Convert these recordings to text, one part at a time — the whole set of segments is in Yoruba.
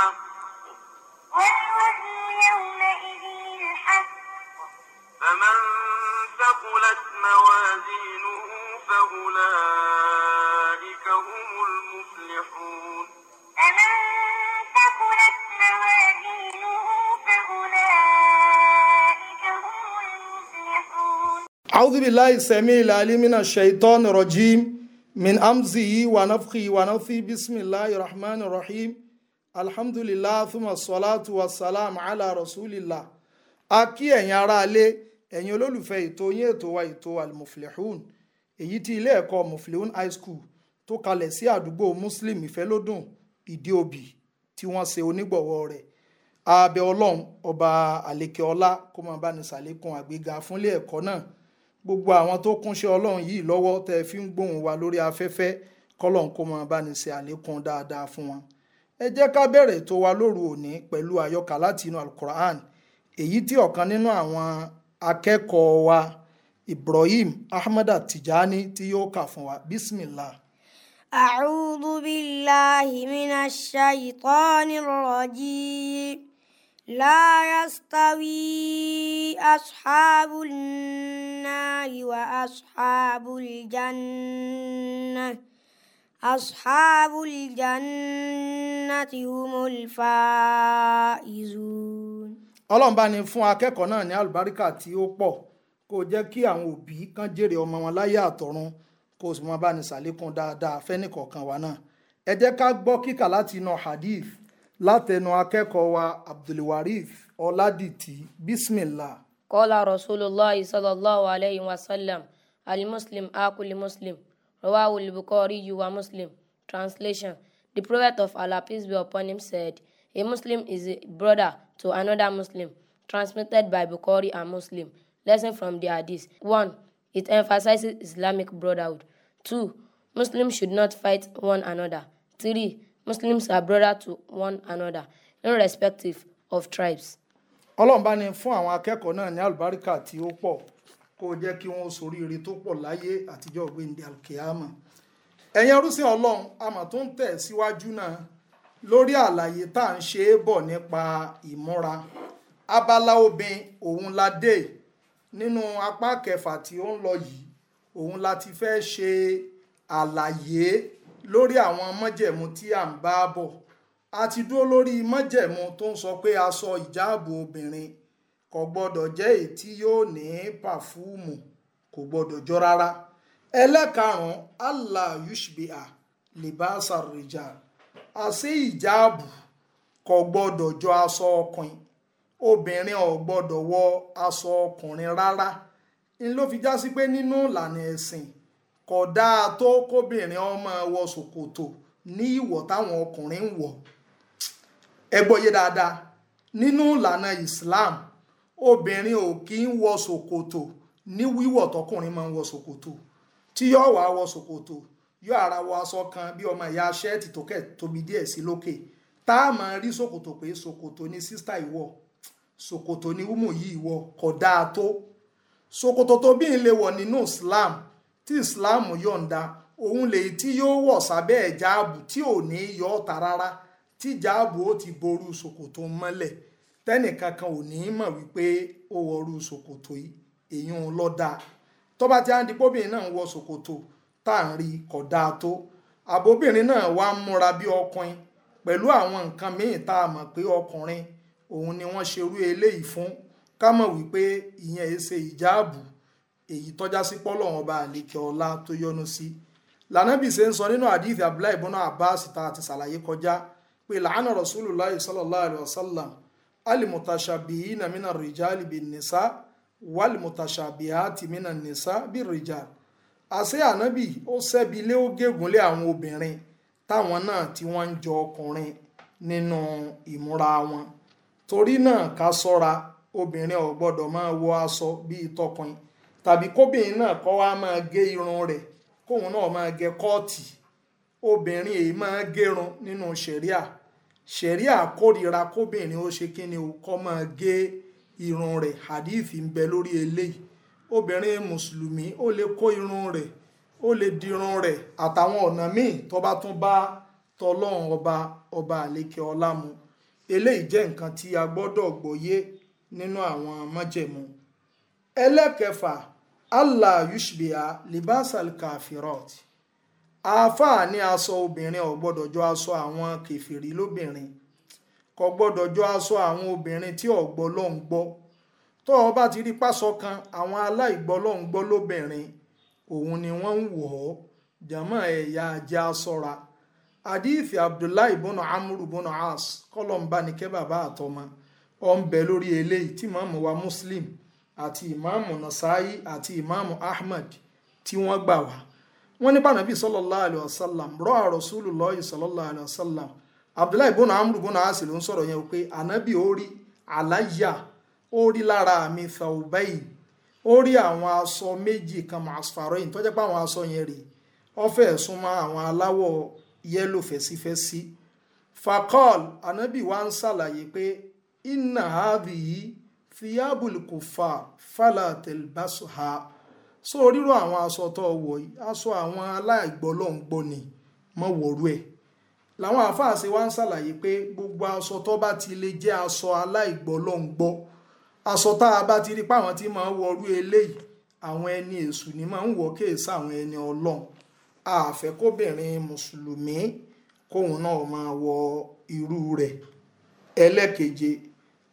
الحق والوزن يومئذ الحق فمن ثقلت موازينه فأولئك هم المفلحون فمن ثقلت موازينه فأولئك هم المفلحون أعوذ بالله السميع العليم من الشيطان الرجيم من أمزه ونفخه ونفي بسم الله الرحمن الرحيم alhamdulillah thumma salatu wa salam ala rasulillah a kí ẹ̀yin aráalé ẹ̀yin olólùfẹ́ ètò yín ètò wa ètò almuflihun èyí tí ilé ẹ̀kọ́ muflihun high school tó kalẹ̀ sí àdúgbò muslim ìfẹ́lódùn ìdí òbí tí wọ́n ṣe onígbọ̀wọ́ rẹ̀ abẹ ọlọ́run ọba àlekè ọlá kó máa bá ní ṣàlékún àgbéga fúnlé ẹ̀kọ́ náà gbogbo àwọn tó kúnṣẹ́ ọlọ́run yìí lọ́wọ́ tẹ́ fi ń gbóhùn wa lórí afẹ́fẹ́ kọ́lọ́n kó máa bá ní ṣe dáadáa fún wọn ẹ jẹ́ ká bẹ̀rẹ̀ ètò wa lóru òní pẹ̀lú àyọkà láti inú alukur'an èyí tí ọ̀kan nínú àwọn akẹ́kọ̀ọ́ wa ibrahim ahmada tijani tí yóò kà fún wa bismillah. أعوذ بالله من الشيطان الرجيم لا يستوي أصحاب النار وأصحاب الجنة أصحاب الجنة هم الفائزون. ọlọ́run bá ní fún akẹ́kọ̀ọ́ náà ní àlùbáríkà tí ó pọ̀ kó jẹ́ kí àwọn òbí kan jèrè ọmọ wọn láyé àtọ̀run kó o sì mọ bá ní sàlékún dáadáa fẹ́nìkọ̀ọ̀kan wa náà. ẹ jẹ́ ká gbọ́ kíkà láti inú hadith látẹnu akẹ́kọ̀ọ́ wa abdulwarif ọládìtì bismillah. kọ́lá rasulullah sallallahu alayhi wa sallam alimuslim akuli muslim. Al Rawahul Bukhari, you are Muslim. Translation The Prophet of Allah, peace be upon him, said, A Muslim is a brother to another Muslim. Transmitted by Bukhari and Muslim. Lesson from the Hadith 1. It emphasizes Islamic brotherhood. 2. Muslims should not fight one another. 3. Muslims are brother to one another, irrespective of tribes. Ọlọ́run bá ní fún àwọn akẹ́kọ̀ọ́ náà ní àlùbáríkà tí ó pọ̀ kó o jẹ́ kí wọ́n soríire tó pọ̀ láyé àtijọ́ gbẹ̀ndẹ̀ alkiyama ẹ̀yin arúsìn ọlọ́run àmọ̀ tó ń tẹ̀ síwájú náà lórí àlàyé tá à ń ṣe é bọ̀ nípa ìmúra abala obìnrin òun la dé nínú apá kẹfà tí ó ń lọ yìí òun la ti fẹ́ ṣe àlàyé lórí àwọn mọ́jẹ̀mú tí à ń bá bọ̀ a ti dúró lórí mọ́jẹ̀mú tó ń sọ pé aṣọ ìjáàbò obìnrin kò je jẹ́ èyí tí yóò ní pàfúùmù kò gbọ́dọ̀ jọ rárá ẹlẹ́karùn-ún allah yushbiha libasa rijal àṣẹ ìjáàbù kò gbọ́dọ̀ jọ aṣọ ọkùnrin obìnrin ò gbọ́dọ̀ wọ aṣọ ọkùnrin rárá n ló fi já sí pé nínú ìlànà ẹ̀sìn kò dáa tó kóbìnrin ọmọ wọ ṣòkòtò ní ìwọ̀ táwọn ọkùnrin ń wọ̀ ẹ gbọ́ yé dáadáa nínú ìlànà Islam obìnrin ò kí ń wọ ṣòkòtò ní wíwọ̀ tọkùnrin máa ń wọ ṣòkòtò tí yóò wá wọ ṣòkòtò yóò ara wọ aṣọ kan bí ọmọ ìyá ṣẹ́ẹ̀tì tó kẹ̀ tóbi díẹ̀ sí lókè tá a máa rí ṣòkòtò pé ṣòkòtò ni sísítà ìwọ ṣòkòtò ni wúmù yìí ìwọ kò dáa tó ṣòkòtò tó bí n lè nínú Islam tí Islam yọ̀ǹda òun lè tí yóò wọ̀ sábẹ́ ẹ̀jáàbù tí ò ní yọ ọ́ rárá tí jáàbù ó ti boru ṣòkòtò mọ́lẹ̀ tẹ́nìkan kan ò ní í mọ̀ wípé ó wọrú ṣòkòtò yìí èyí ń lọ dáa tó bá ti á di bóbìnrin náà ń wọ ṣòkòtò tá à ń rí kọ̀ dáa tó àbóbìnrin náà wá ń múra bí ọkùnrin pẹ̀lú àwọn nǹkan míì tá a mọ̀ pé ọkùnrin òun ni wọ́n ṣerú eléyìí fún ká mọ̀ wípé ìyẹn èé ṣe ìjáàbù èyí tọ́já sí pọ́lọ̀ bá àlékè ọlá tó yọ́nú sí lànàbì ṣe ń sọ nínú àdìsí abdullahi ibùnà abbas tá a ṣàlàyé kọjá pé làánà rasulullah sallallahu alayhi wa sallam alimutashabihina mina rijali bin nisa walimutashabihati mina nisa bin rijal àṣé ànábì ó ṣẹ́bilé ó gégúnlé àwọn obìnrin táwọn náà tí wọ́n ń jọ ọkùnrin nínú ìmúra wọn torí náà ká ṣọ́ra obìnrin ò gbọ́dọ̀ máa wọ aṣọ bíi tọkùnrin tàbí kóbìnrin náà kọ́ wá máa gé irun naa kóun náà máa gé kọ́ọ̀tì obìnrin èyí máa gérun nínú ṣẹ̀ríà kórìíra kóbìnrin ó ṣe kí ni o kọ́ máa gé irun rẹ̀ hadith ń bẹ lórí eléyìí obìnrin mùsùlùmí ó lè kó irun rẹ̀ ó lè dirun rẹ̀ àtàwọn ọ̀nà míì tó bá tún bá tọlọ́run ọba ọba àlékè ọlá mu eléyìí jẹ́ nǹkan tí a gbọ́dọ̀ gbọ́yé nínú àwọn májẹ̀mú ẹlẹ́kẹfà allah yushbiha libasal kafirot àáfàá ni aṣọ obìnrin ò gbọ́dọ̀ jọ aṣọ àwọn kẹfìrí lóbìnrin kò gbọ́dọ̀ jọ aṣọ àwọn obìnrin tí ọ̀gbọ́ ló ń gbọ́ tó o bá ti rí pásọ kan àwọn aláìgbọ́ ló ń gbọ́ lóbìnrin òun ni wọ́n ń wọ̀ ọ́ jàmọ́ ẹ̀yà ajá sọ́ra àdífì abdullahi bọ́nà amúrù bọ́nà as kọ́lọ́mbà ní kẹ́ bàbá àtọmọ ọ ń bẹ lórí eléyìí tí ìmáàmù wa muslim àti ìmáàmù nasa'i àti ìmáàmù ahmed tí wọ́n gbà wá wọ́n ní bànàbí sallallahu alayhi wa sallam rọ́ Rasulullahi sallallahu alayhi wa sallam abdullahi bọ́nà amúrù bọ́nà àṣì ló ń sọ̀rọ̀ yẹn pé ànábì ó rí àláyà ó rí lára mi thawbayi ó rí àwọn aṣọ méjì kan màsfàrọ́yìn tó jẹ́ pé àwọn aṣọ yẹn rèé ọfẹ́ ẹ̀sùn àwọn aláwọ̀ yẹ́lò fẹ́sífẹ́sí fakọ́l ànábì wa ń ṣàlàyé pé inna hadhihi thiyabul kuffar fala telbasuha so ríro àwọn aṣọ tó wọ̀ yìí aṣọ àwọn aláìgbọ́lọ́ngbọ́ ni mọ́ wọ̀rú ẹ̀ làwọn àáfàá ṣe wá ń ṣàlàyé pé gbogbo aṣọ tó bá ti lè jẹ́ aṣọ aláìgbọ́lọ́ngbọ́ aṣọ tá a bá ti rí páwọn tí máa ń wọrú eléyìí àwọn ẹni èṣù ni máa ń wọ kéèsà àwọn ẹni ọlọ́run àfẹ́ kóbìnrin mùsùlùmí kóun náà máa wọ irú rẹ̀ ẹlẹ́keje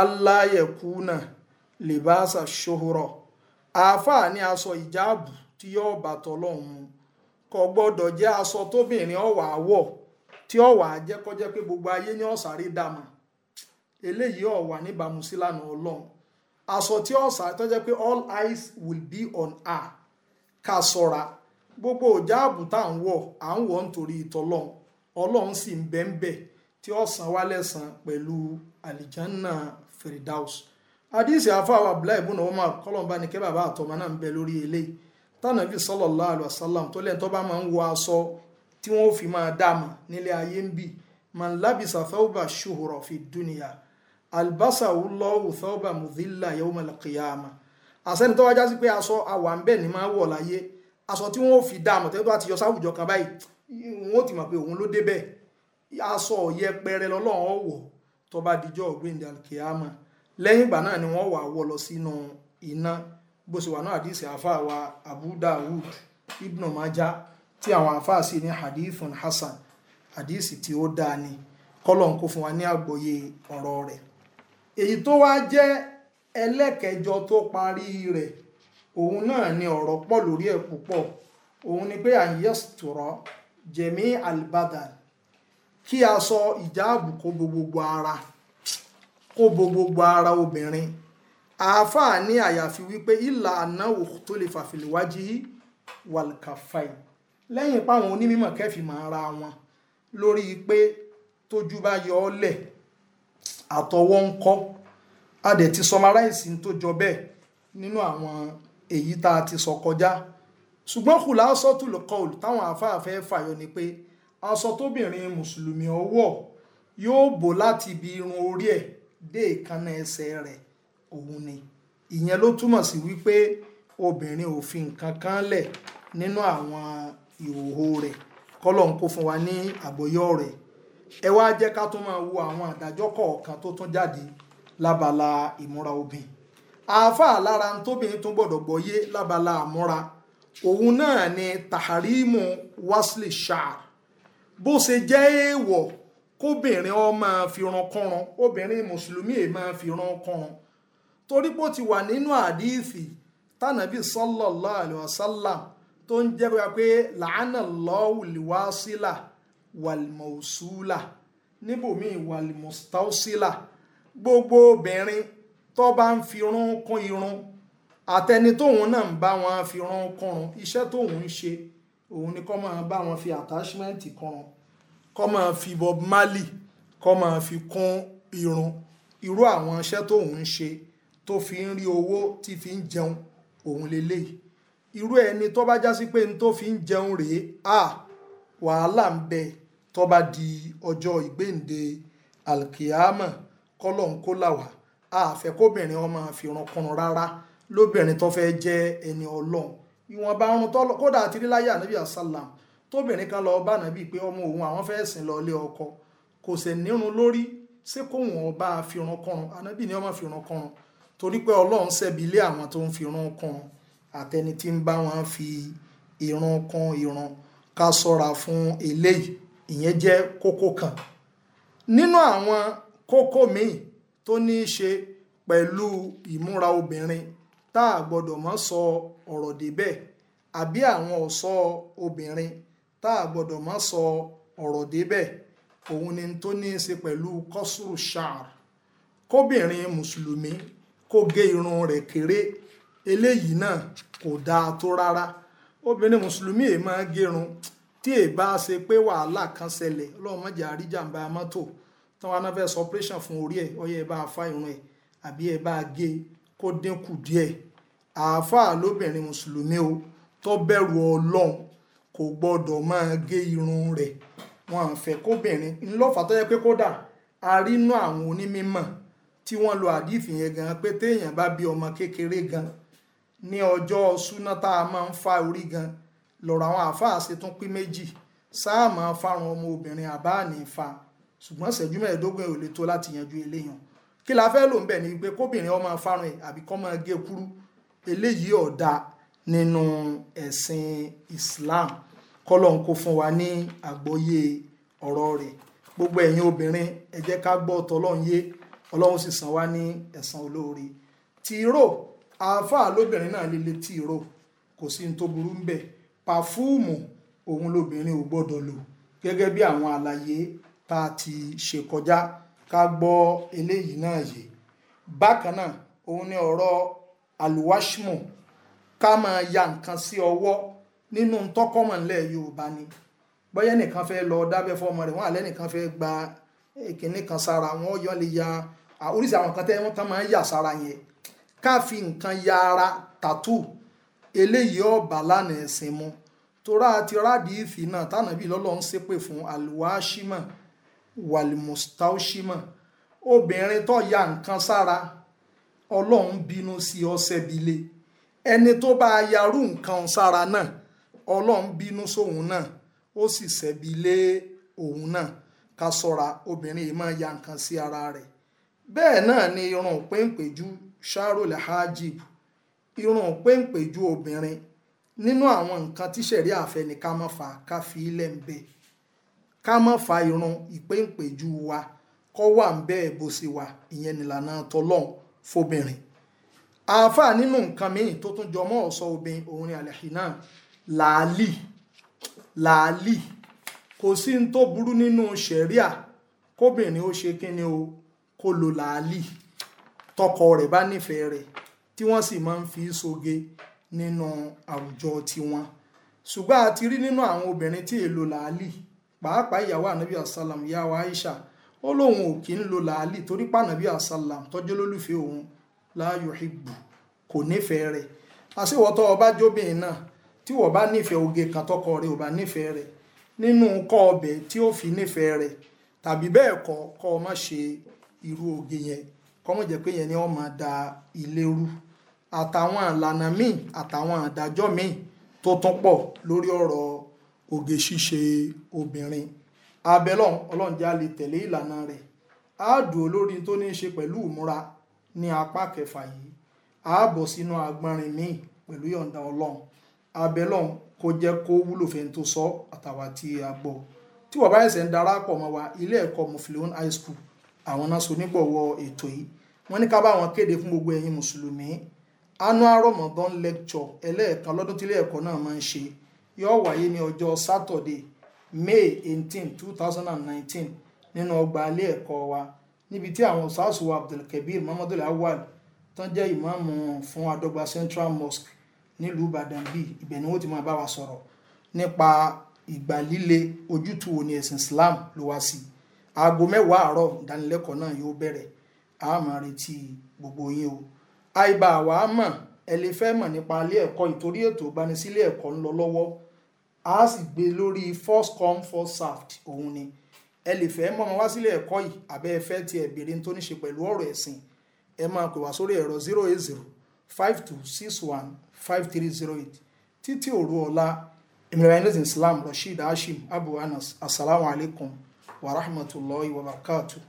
aláyẹ̀kú náà lè bá aṣà ṣòhùrọ̀ àáfàá ní aṣọ ìjáàbù tí yóò bàtọ̀ lọ́hùn kò gbọ́dọ̀ jẹ́ aṣọ tóbìnrin ọ̀wà wọ̀ tí ọ̀wà jẹ́ kó jẹ́ pé gbogbo ayé ní ọ̀sáré dàmà eléyìí ọwà níbàámu sílànà ọlọrun aṣọ tí ọ̀sà tó jẹ́ pé all eyes will be on her ká sọ̀ra gbogbo ìjáàbù tá à ń wọ à ń wọ̀ nítorí ìtọ́lọ́run ọlọ́run sì ń bẹ́ńbẹ́ tí ọ̀sán wálẹ̀ sàn pẹ̀lú àlìjánná Firdaus. afọ àfáwà abdullahi ibùnà umar kọlọmbà ní kí bàbá àtọmọ náà ń bẹ lórí eléyìí tánàbí sallallahu alaihi wasallam tó lẹ́yìn tó bá máa ń wọ aṣọ tí wọ́n fi máa nílé ayé ń bì labisa fi dunya albasahu llahu thawba mudhilla yawmal qiyama àsẹ́ni tó wájá sí pé aṣọ àwà ń bẹ̀ máa wọ̀ yọ sáwùjọ kan báyìí wọ́n ti mọ̀ pé òun ló débẹ̀ aṣọ yẹpẹrẹ lọ́lọ́run ọ̀wọ̀ tó bá dijọ́ ọ̀gbìn lẹ́yìn ìgbà náà ni wọ́n wà wọ́ lọ sínú iná bó ṣe wà náà àdìsí àfáà wa Abu Dawud Ibn Majah tí àwọn àfáà sì ní hadithun hasan hadisi tí ó dáa ni kọ́lọ̀ ń kó fún wa ní àgbọ́yé ọ̀rọ̀ rẹ̀ èyí tó wá jẹ́ ẹlẹ́kẹjọ tó parí rẹ̀ òun náà ni ọ̀rọ̀ pọ̀ lórí ẹ̀ púpọ̀ òun ni pé àyẹ̀sùtùrọ̀ jẹ̀mí albadan kí a sọ ìjáàbù kó gbogbo ara. kó bo gbogbo ara obìnrin àáfàá ní àyàfi wípé ìlà ànáwó tó lè fàfilèwájú wàlùkàfàì lẹ́yìn páwọn onímọ̀ kẹfì máa ra wọn lórí pé tójú bá yọ ọ́ lẹ̀ àtọwọ́ ń kọ́ a dẹ̀ ti sọmaráìsì tó jọ bẹ́ẹ̀ nínú àwọn èyí tá a ti sọ kọjá ṣùgbọ́n kùlà aṣọ tùlùkọ́ọ̀lù táwọn afáàfẹ́ fàyọ ni pé aṣọ tóbìnrin mùsùlùmí ọwọ́ yóò bò láti ibi irun orí ẹ̀ dé ìkànnà ẹsẹ̀ rẹ̀ òun ni ìyẹn ló túmọ̀ sí wípé obìnrin ò fi nǹkan kan lẹ̀ nínú àwọn ìhòòhò rẹ̀ kọ́lọ́n kó fún wa ní àgbọ́yọ́ rẹ̀ ẹ wá jẹ́ ká tún máa wo àwọn àdájọ́ kọ̀ọ̀kan tó tún jáde lábala ìmúra obìnrin àáfàá lára tóbìnrin tún gbọ́dọ̀ gbọ́yé lábala àmúra òun náà ni taharimu wesley shah bó ṣe jẹ́ èèwọ̀ kóbìnrin ọ máa fi ran kọ́ran obìnrin mùsùlùmí ẹ̀ máa fi ran kọ́ran torí pé ó ti wà nínú àdíìsì tànàbí sallallahu alaihi wasallam tó ń jẹ́ pé làánà lọ́wù lìwásílà wàlmọ̀ọ́sùlà níbòmíì wàlmọ̀ọ́sílà gbogbo obìnrin tó bá ń fi rún kún irun àtẹni tóun náà ń bá wọn fi rún kúnrun iṣẹ́ tóun ń ṣe òun ni kó máa bá wọn fi attachment kúnrun kó máa fi Bob Marley kó máa fi kún irun irú àwọn iṣẹ́ tóun ń ṣe tó fi ń rí owó tí fi ń jẹun òun leléyìí irú ẹni tó bá já pé n tó fi ń jẹun rèé à wàhálà ń bẹ tó bá di ọjọ́ ìgbéǹde alkiyama kọ́lọ́n kó là wá àfẹ́ kóbìnrin ọmọ àfihànkùnrin rárá lóbìnrin tó fẹ́ jẹ́ ẹni ọlọ́run ìwọ̀nba ọrùn tó kódà àti rí láyé ànábì tóbìnrin kan lọ bá nàbí pé ọmọ òun àwọn fẹ́ sìn lọ ilé ọkọ kò sẹ̀ nírun lórí ṣé kò wọ́n bá a fi ran kọrun ànábì ni wọ́n máa fi ran kọrun torí pé ọlọ́run ṣẹ̀bi ilé àwọn tó ń fi ran kọrun àtẹni tí ń bá wọn fi ìran kan ìran ká sọ́ra fún eléyìí ìyẹn jẹ́ kókó kan nínú àwọn kókó míì tó ní í ṣe pẹ̀lú ìmúra obìnrin tá a gbọ́dọ̀ mọ́ sọ ọ̀rọ̀ débẹ̀ àbí àwọn ọ̀ṣọ́ obìnrin tá a gbọ́dọ̀ má sọ ọ̀rọ̀ débẹ̀ òun ni tó ní í ṣe pẹ̀lú kọ́sùrù ṣáàr kóbìnrin mùsùlùmí kó gé irun rẹ̀ kéré eléyìí náà kò dáa tó rárá obìnrin mùsùlùmí èè máa gérun tí èè bá ṣe pé wàhálà kan ṣẹlẹ̀ ọlọ́run má jẹ́ àríjàmbá mọ́tò tí wọ́n á fẹ́ sọ operation fún orí ẹ̀ ọyẹ ẹ bá fa irun ẹ̀ àbí ẹ bá gé e kó dínkù díẹ̀ àáfàá lóbìnrin mùsùlùmí o tó bẹ̀rù ọlọ́run kò gbọ́dọ̀ máa gé irun rẹ̀ wọn à ń fẹ́ kóbìnrin ńlọ́fà tó yẹ pé kódà a rí inú àwọn onímọ̀ tí wọ́n lo àdìfì yẹn gan pé téèyàn bá bí ọmọ kékeré gan ní ọjọ́ súná tá a máa ń fa orí gan lọ́rọ̀ àwọn àáfàá ṣe tún pín méjì sáà máa fárun ọmọ obìnrin àbá ní fa ṣùgbọ́n ṣẹ́jú mẹ́ẹ̀ẹ́dógún ẹ̀ ò lè tó láti yanjú eléyàn kí la fẹ́ lò ń bẹ̀ ni pé kóbìnrin ọmọ fárun ẹ̀ àbí kọ́ máa gé kúrú eléyìí ọ̀dà nínú ẹ̀sìn Islam kọ́lọ́n kó fún wa ní àgbọ́yé ọ̀rọ̀ rẹ̀ gbogbo ẹ̀yin obìnrin ẹ jẹ́ ká gbọ́ tọ́lọ́run yé ọlọ́run sì san wá ní ẹ̀san olóore tìró àáfàá lóbìnrin náà lè le tìró kò sí ní tó burú ń bẹ̀ pàfúùmù òun lóbìnrin ò gbọ́dọ̀ lò gẹ́gẹ́ bí àwọn àlàyé tá a ti ṣe kọjá ká gbọ́ eléyìí náà yé bákan náà òun ni ọ̀rọ̀ àlùwáṣímù ká máa ya nǹkan sí ọwọ́ nínú tọ́kọ́mọ̀ ńlẹ̀ yorùbá ni bóyá nìkan fẹ́ lọ dábẹ́ fọmọ rẹ̀ wọ́n àlẹ́ nìkan fẹ́ gba ìkíní e, kan sára wọ́n yọ lè ya oríṣi àwọn kan tẹ́ wọ́n tán máa ń yà sára yẹn ká fi nǹkan ya ara tàtú eléyìí ọ̀bà lánàá ẹ̀sìn mu torá ti rádìífì náà tànàbí lọ́lọ́run ṣépè fún aluwaṣímọ̀ wàlìmùsítáṣímọ̀ obìnrin tó ya nǹkan sára ọlọ́run bínú sí ọsẹ bílé ẹni tó bá yarú nǹkan sára náà ọlọ́run bínú sóun náà ó sì ṣẹ̀bi lé òun náà ká sọ́ra obìnrin yìí máa ya nǹkan sí ara rẹ̀ bẹ́ẹ̀ náà ni irun péńpéjú sharol hajib irun péńpéjú obìnrin nínú àwọn nǹkan tíṣẹ̀rí àfẹ́ni ká má fa ká fi ilẹ̀ ń bẹ̀ ká má fa irun ìpéǹpéjú wa kọ́ wà ń bẹ́ẹ̀ bó ṣe wà ìyẹn nìlànà tọlọ́hún fóbìnrin àáfàá nínú nǹkan míì tó tún jọmọ́ ọ̀sọ́ obìnrin òun ni àlẹ́hìnà làálì làálì kò sí ní tó burú nínú ṣẹ̀ríà kóbìnrin ó ṣe kí ni o kó lo làálì tọkọ rẹ̀ bá nífẹ̀ẹ́ rẹ̀ tí wọ́n sì máa ń fi soge nínú àwùjọ tiwọn ṣùgbọ́n a ti rí nínú àwọn obìnrin tí èèlò làálì pàápàá ìyàwó ànábì àsálàm ìyàwó Aisha ó lóun ò kí ń lo làálì torí pànábì àsálàm tọ́jú lólùfẹ́ òun la yuhibbu kò nífẹ̀ẹ́ rẹ̀ àṣewọ́tọ́ ọba jóbìnrin náà tí wọ́n bá nífẹ̀ẹ́ oge kan tọkọ rẹ̀ ò bá nífẹ̀ẹ́ rẹ̀ nínú kọ́ ọbẹ̀ tí ó fi nífẹ̀ẹ́ rẹ̀ tàbí bẹ́ẹ̀ kọ́ kọ́ ọ má ṣe irú oge yẹn kọ́ mọ̀ jẹ́ pé yẹn ni wọ́n máa da ilé rú àtàwọn ìlànà míì àtàwọn àdájọ́ míì tó tún pọ̀ lórí ọ̀rọ̀ oge ṣíṣe obìnrin abẹ́lọ́n ọlọ́run a lè tẹ̀lé ìlànà rẹ̀ áàdùn olórí tó ní í ṣe pẹ̀lú ìmúra ní apá kẹfà yìí ààbọ̀ sínú agbọ́nrin míì pẹ̀lú yọ̀ǹda ọlọ́run abẹ́lọ́n kó jẹ́ kó wúlò fẹ́ni tó sọ àtàwà tí a gbọ́ tí wọ́n bá ẹ̀sẹ̀ ń darapọ̀ mọ́ wa ilé ẹ̀kọ́ mufilion high school àwọn náà so nígbọ̀wọ́ ètò yìí wọ́n ní ká bá wọn kéde fún gbogbo ẹ̀yin mùsùlùmí annual Ramadan lecture ẹlẹ́ẹ̀kan lọ́dún tí ilé ẹ̀kọ́ náà máa ń ṣe yóò wáyé ní ọjọ́ Saturday May eighteen two thousand and nineteen nínú ọgbà ilé ẹ̀kọ́ wa níbi tí àwọn sars wa Abdulkabir Muhammadu Awal tán jẹ́ ìmáàmù fún Adọ́gba Central Mosque nílùú ìbàdàn bíi ibẹ̀ ni wọ́n ti máa bá wa sọ̀rọ̀ nípa ìgbà líle ojútùú òní ẹ̀sìn islam ló wá sí aago mẹ́wàá àárọ̀ ìdánilẹ́kọ̀ọ́ náà yóò bẹ̀rẹ̀ a máa retí gbogbo yín o àìbá àwa mọ̀ ẹ lè fẹ́ mọ̀ nípa ilé ẹ̀kọ́ ìtorí ètò ìgbanisílé ẹ̀kọ́ ń lọ lọ́wọ́ a sì gbé lórí first come first served òun ni ẹ lè fẹ́ mọ̀ wá sílé ẹ̀kọ́ yìí àbẹ́ ẹ fẹ́ tiẹ̀ béèrè tó ní ṣe pẹ̀lú ọ̀rọ̀ ẹ̀sìn ẹ máa pè wá sórí ẹ̀rọ zero eight zero five two six one five three zero eight títí òru ọ̀la ìmìlẹ̀rẹ̀ islam rasheed hashim abu anas asalaamualeykum wa rahmatulahi wa barakatuh.